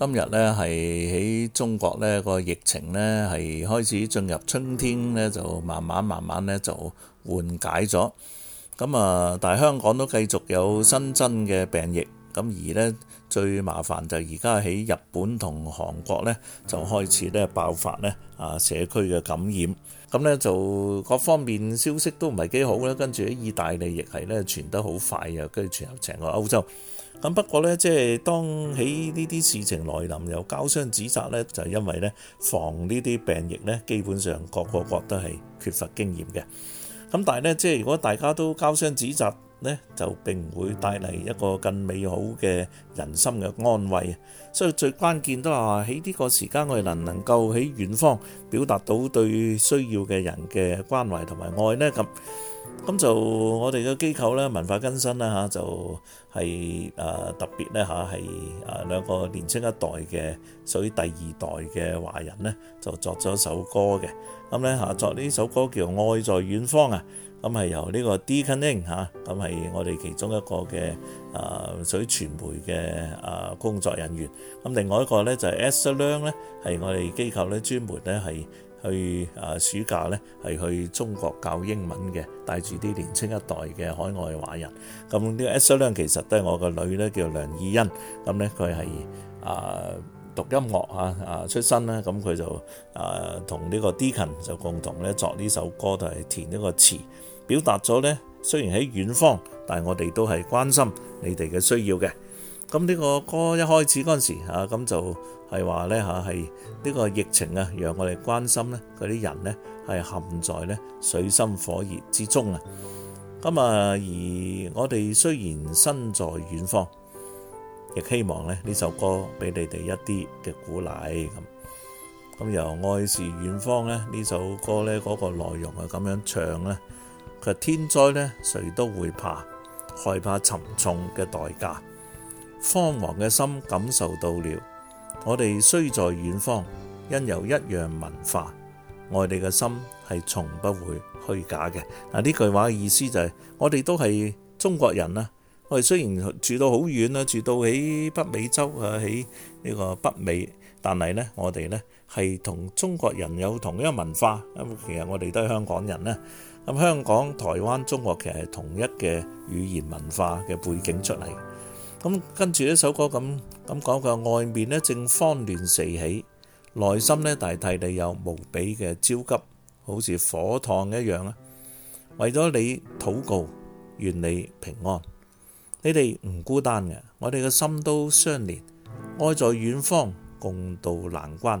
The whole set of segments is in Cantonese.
今日呢係喺中國呢、呢個疫情呢係開始進入春天呢，就慢慢慢慢呢就緩解咗。咁啊，但係香港都繼續有新增嘅病疫，咁而呢。最麻煩就而家喺日本同韓國咧，就開始咧爆發咧啊社區嘅感染，咁咧就各方面消息都唔係幾好啦。跟住喺意大利亦係咧傳得好快啊，跟住傳入成個歐洲。咁不過咧，即係當喺呢啲事情來臨，又交相指責咧，就係因為咧防呢啲病疫咧，基本上各個國都係缺乏經驗嘅。咁但係咧，即係如果大家都交相指責。咧就並唔會帶嚟一個更美好嘅人心嘅安慰，所以最關鍵都係話喺呢個時間，我哋能唔能夠喺遠方表達到對需要嘅人嘅關懷同埋愛咧，咁咁就我哋嘅機構咧文化更新啦嚇，就係誒特別咧嚇係誒兩個年青一代嘅屬於第二代嘅華人咧，就作咗首歌嘅。咁咧嚇作呢首歌叫《愛在遠方》啊。咁係由呢個 Deacon、啊、嚇，咁係我哋其中一個嘅啊屬於傳媒嘅啊工作人員。咁、啊、另外一個咧就係、是、Asher Lang 咧，係我哋機構咧專門咧係去啊暑假咧係去中國教英文嘅，帶住啲年青一代嘅海外華人。咁、啊、呢、這個 Asher Lang 其實都係我個女咧叫梁以欣。咁咧佢係啊，啊讀音樂嚇啊，啊出身啦。咁、啊、佢就啊同呢個 Deacon 就共同咧作呢首歌同埋填呢個詞。表達咗咧，雖然喺遠方，但係我哋都係關心你哋嘅需要嘅。咁呢個歌一開始嗰陣時，吓咁就係話咧吓係呢個疫情啊，讓我哋關心咧嗰啲人咧係陷在咧水深火熱之中啊。咁啊，而我哋雖然身在遠方，亦希望咧呢首歌俾你哋一啲嘅鼓勵。咁咁由《愛是遠方》咧呢首歌咧嗰個內容係咁樣唱咧。佢天災呢，誰都會怕，害怕沉重嘅代價。慌忙嘅心感受到了，我哋雖在遠方，因由一樣文化，我哋嘅心係從不會虛假嘅。嗱，呢句話嘅意思就係，我哋都係中國人啦。我哋雖然住到好遠啦，住到喺北美洲啊，喺呢個北美，但係呢，我哋呢。係同中國人有同一個文化咁，其實我哋都係香港人咧。咁香港、台灣、中國其實係同一嘅語言文化嘅背景出嚟。咁跟住呢首歌咁咁講句，外面咧正慌亂四起，內心咧大大地有無比嘅焦急，好似火燙一樣啦。為咗你禱告，願你平安。你哋唔孤單嘅，我哋嘅心都相連，愛在遠方，共渡難關。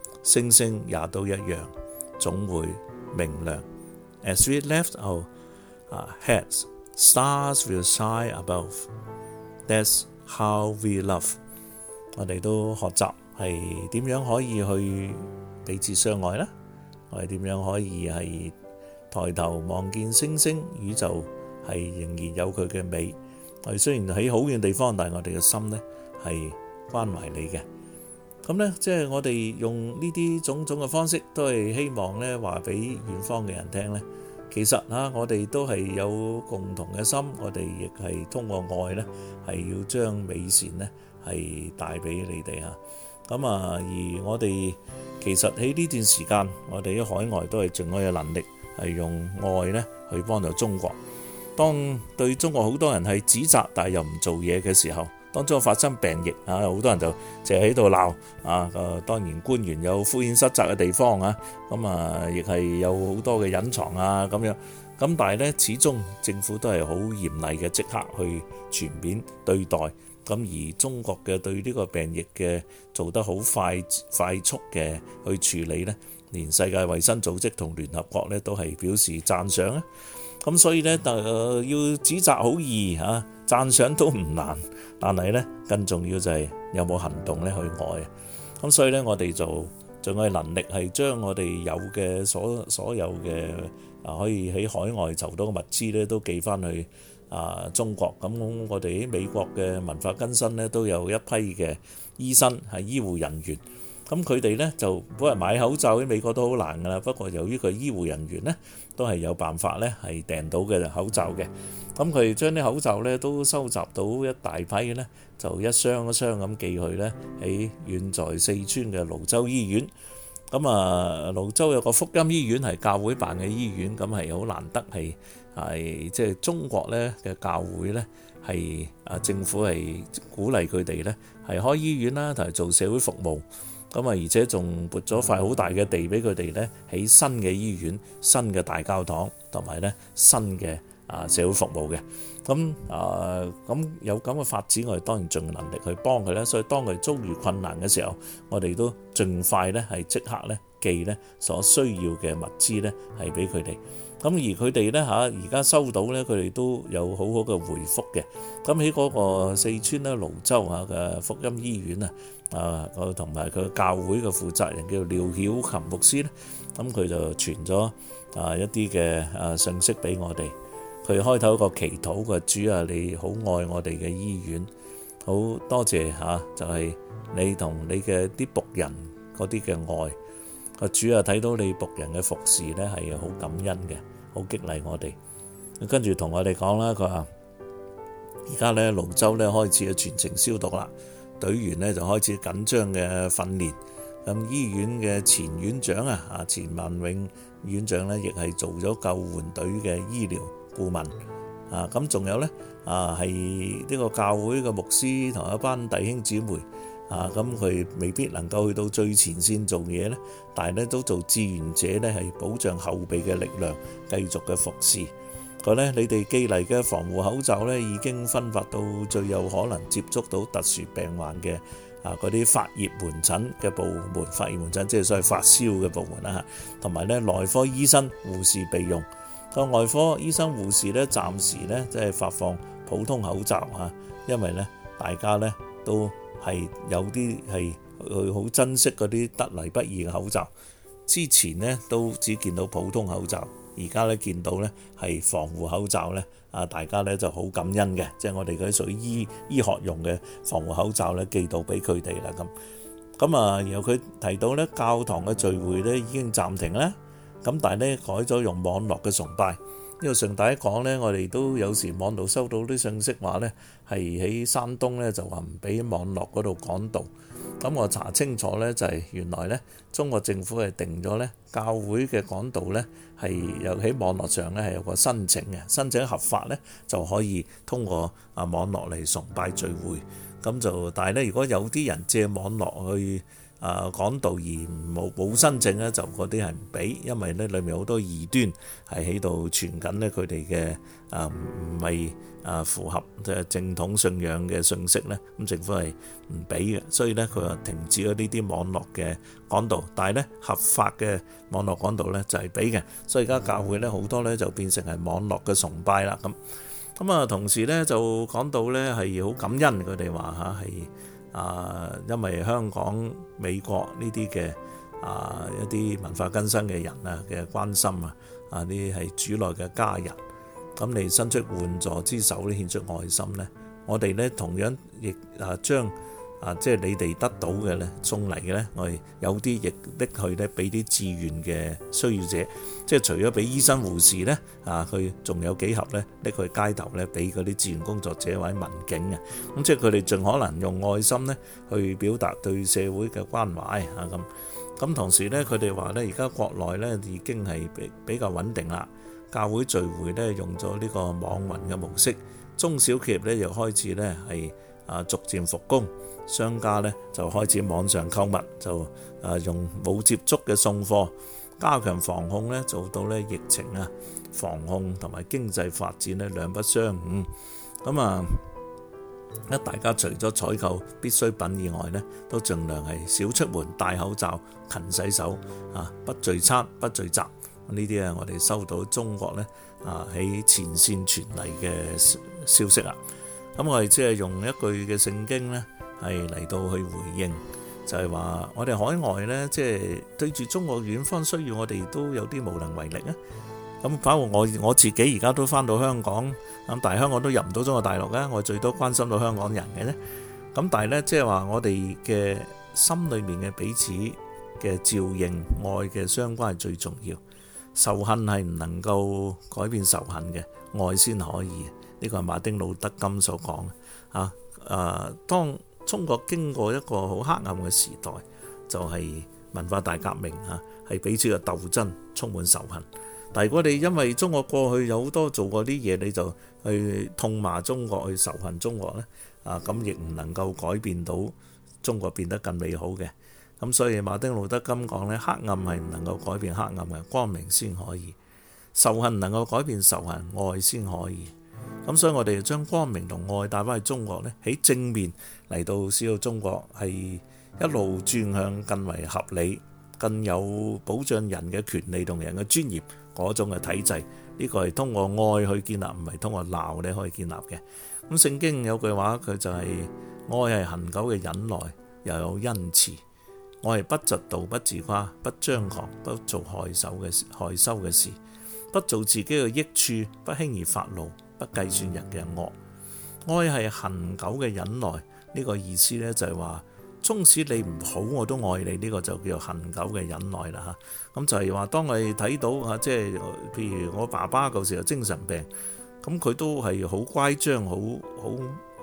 星星也都一樣，總會明亮。As we left our 啊 heads, stars will shine above. That's how we love. 我哋都學習係點樣可以去彼此相愛啦？我哋點樣可以係抬頭望見星星？宇宙係仍然有佢嘅美。我哋雖然喺好遠地方，但係我哋嘅心呢係關懷你嘅。咁呢，即係我哋用呢啲種種嘅方式，都係希望呢話俾遠方嘅人聽呢。其實啊，我哋都係有共同嘅心，我哋亦係通過愛呢，係要將美善呢係帶俾你哋嚇。咁啊，而我哋其實喺呢段時間，我哋喺海外都係盡我嘅能力，係用愛呢去幫助中國。當對中國好多人係指責，但係又唔做嘢嘅時候，當中發生病疫啊，好多人就淨係喺度鬧啊。當然，官員有敷衍失責嘅地方啊。咁啊，亦係有好多嘅隱藏啊咁樣。咁但係呢，始終政府都係好嚴厲嘅，即刻去全面對待。咁而中國嘅對呢個病疫嘅做得好快快速嘅去處理呢，連世界衞生組織同聯合國呢都係表示讚賞啊！咁所以呢，就、呃、要指責好易嚇，啊，讚賞都唔難，但係呢，更重要就係有冇行動呢去愛。咁所以呢，我哋就盡我能力係將我哋有嘅所所有嘅啊，可以喺海外籌到嘅物資呢都寄翻去啊中國。咁我哋喺美國嘅文化更新呢，都有一批嘅醫生係、啊、醫護人員。咁佢哋呢，就本嚟買口罩喺美國都好難㗎喇。不過由於佢醫護人員呢，都係有辦法呢，係訂到嘅口罩嘅。咁佢哋將啲口罩呢，都收集到一大批嘅呢，就一箱一箱咁寄去呢，喺遠在四川嘅瀘州醫院。咁啊，瀘州有個福音醫院係教會辦嘅醫院，咁係好難得係係即係中國呢嘅教會呢，係啊政府係鼓勵佢哋呢，係開醫院啦，同埋做社會服務。咁啊，而且仲撥咗塊好大嘅地俾佢哋呢，起新嘅醫院、新嘅大教堂同埋呢新嘅啊社會服務嘅。咁啊，咁、呃、有咁嘅發展，我哋當然盡能力去幫佢啦。所以當佢遭遇困難嘅時候，我哋都盡快呢係即刻呢寄呢所需要嘅物資呢係俾佢哋。咁而佢哋呢，嚇而家收到呢，佢哋都有好好嘅回覆嘅。咁喺嗰個四川呢，瀘州嚇嘅福音醫院啊。啊！佢同埋佢教會嘅負責人叫廖曉琴牧師呢，咁佢就傳咗啊一啲嘅、啊信息俾我哋。佢開頭一個祈禱嘅主啊，你好愛我哋嘅醫院，好多謝嚇，就係、是、你同你嘅啲僕人嗰啲嘅愛。個主啊，睇到你僕人嘅服侍，呢係好感恩嘅，好激勵我哋。跟住同我哋講啦，佢話而家呢，瀘州呢開始去全程消毒啦。隊員呢就開始緊張嘅訓練，咁醫院嘅前院長啊，啊前文永院長呢，亦係做咗救援隊嘅醫療顧問，啊咁仲有呢，啊係呢個教會嘅牧師同一班弟兄姊妹，啊咁佢未必能夠去到最前線做嘢呢，但係呢，都做志願者呢係保障後備嘅力量，繼續嘅服侍。佢咧，你哋寄嚟嘅防護口罩咧，已經分發到最有可能接觸到特殊病患嘅啊嗰啲發熱門診嘅部門，發熱門診即係所謂發燒嘅部門啦嚇。同埋咧，內科醫生、護士備用。個外科醫生、護士咧，暫時咧即係發放普通口罩嚇，因為咧大家咧都係有啲係去好珍惜嗰啲得嚟不易嘅口罩，之前咧都只見到普通口罩。而家咧見到咧係防護口罩咧啊，大家咧就好感恩嘅，即係我哋嗰啲屬於醫醫學用嘅防護口罩咧寄到俾佢哋啦，咁咁啊。然後佢提到咧教堂嘅聚會咧已經暫停啦，咁但係咧改咗用網絡嘅崇拜，因為上帝講咧我哋都有時網度收到啲信息話咧係喺山東咧就話唔俾網絡嗰度講道。咁我查清楚呢，就係、是、原來呢中國政府係定咗呢教會嘅講道呢係有喺網絡上呢係有個申請嘅，申請合法呢就可以通過啊網絡嚟崇拜聚會。咁就但係呢，如果有啲人借網絡去，誒講、呃、道而冇冇申請咧，就嗰啲係唔俾，因為呢裏面好多異端係喺度傳緊呢。佢哋嘅誒唔係誒符合誒正統信仰嘅信息呢，咁政府係唔俾嘅，所以呢，佢話停止咗呢啲網絡嘅講道，但係呢，合法嘅網絡講道呢就係俾嘅。所以而家教會呢，好多呢就變成係網絡嘅崇拜啦咁。咁啊，同時呢，就講到呢係好感恩佢哋話嚇係。啊啊，因為香港、美國呢啲嘅啊一啲文化根深嘅人啊嘅關心啊，啊啲係主內嘅家人，咁你伸出援助之手，呢獻出愛心呢，我哋呢同樣亦啊將。啊！即係你哋得到嘅咧，送嚟嘅咧，我哋有啲亦拎去咧，俾啲志願嘅需要者。即係除咗俾醫生護士咧，啊，佢仲有幾盒咧拎去街頭咧，俾嗰啲志願工作者、或者民警啊。咁即係佢哋盡可能用愛心咧去表達對社會嘅關懷啊。咁咁同時咧，佢哋話咧，而家國內咧已經係比比較穩定啦。教會聚會咧用咗呢個網民嘅模式，中小企業咧又開始咧係啊逐漸復工。商家咧就開始網上購物，就啊用冇接觸嘅送貨，加強防控咧，做到咧疫情啊防控同埋經濟發展咧兩不相誤。咁啊，一大家除咗採購必需品以外咧，都儘量係少出門、戴口罩、勤洗手啊，不聚餐、不聚集。呢啲啊，我哋收到中國咧啊喺前線傳嚟嘅消息啦。咁我哋即係用一句嘅聖經咧。係嚟到去回應，就係話我哋海外呢，即係對住中國遠方需要，我哋都有啲無能為力啊！咁包括我我自己而家都返到香港，咁但係香港都入唔到中國大陸啊！我最多關心到香港人嘅啫。咁但係呢，即係話我哋嘅心裏面嘅彼此嘅照應、愛嘅相關係最重要。仇恨係唔能夠改變仇恨嘅，愛先可以。呢個係馬丁路德金所講啊！誒、啊，當中國經過一個好黑暗嘅時代，就係文化大革命啊，係彼此嘅鬥爭充滿仇恨。但係如果你因為中國過去有好多做過啲嘢，你就去痛罵中國，去仇恨中國咧啊，咁亦唔能夠改變到中國變得更美好嘅。咁所以馬丁路德金講咧，黑暗係唔能夠改變黑暗嘅，光明先可以；仇恨唔能夠改變仇恨，愛先可以。咁所以我哋將光明同愛帶翻去中國咧，喺正面。嚟到小到中國係一路轉向，更為合理、更有保障人嘅權利同人嘅尊嚴嗰種嘅體制。呢、這個係通過愛去建立，唔係通過鬧你可以建立嘅。咁聖經有句話，佢就係、是、愛係恒久嘅忍耐，又有恩慈。愛係不嫉妒、不自誇、不張狂、不做害手嘅害羞嘅事，不做自己嘅益處，不輕易發怒，不計算人嘅惡。愛係恒久嘅忍耐。呢個意思呢，就係話，縱使你唔好，我都愛你。呢、這個就叫做恆久嘅忍耐啦嚇。咁、嗯、就係、是、話，當我哋睇到啊，即係譬如我爸爸舊時候精神病，咁、嗯、佢都係好乖張，好好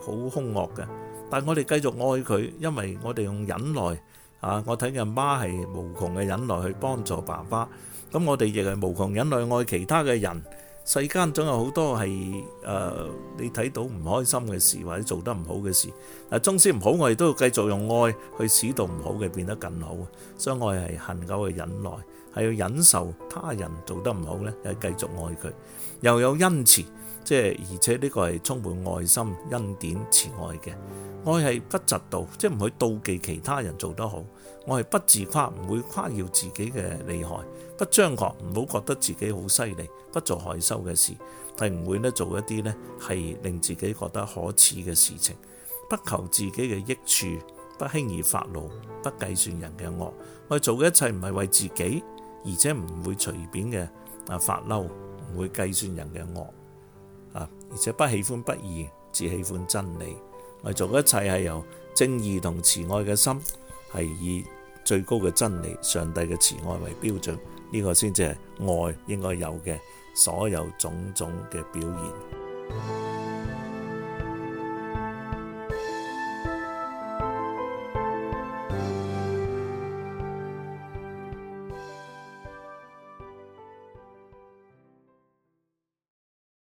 好兇惡嘅。但係我哋繼續愛佢，因為我哋用忍耐啊，我睇見媽係無窮嘅忍耐去幫助爸爸。咁、嗯、我哋亦係無窮忍耐愛其他嘅人。世間總有好多係誒、呃，你睇到唔開心嘅事，或者做得唔好嘅事。嗱，縱使唔好，我哋都要繼續用愛去使到唔好嘅變得更好。所以愛係恆久嘅忍耐，係要忍受他人做得唔好咧，又繼續愛佢，又有恩慈。即係而且呢個係充滿愛心、恩典、慈愛嘅。愛係不嫉妒，即係唔會妒忌其他人做得好。我係不自誇，唔會誇耀自己嘅厲害，不張狂，唔好覺得自己好犀利，不做害羞嘅事，係唔會咧做一啲咧係令自己覺得可恥嘅事情。不求自己嘅益處，不輕易發怒，不計算人嘅惡。我做嘅一切唔係為自己，而且唔會隨便嘅啊發嬲，唔會計算人嘅惡。而且不喜歡不義，只喜歡真理。我做一切係由正義同慈愛嘅心，係以最高嘅真理、上帝嘅慈愛為標準，呢個先至係愛應該有嘅所有種種嘅表現。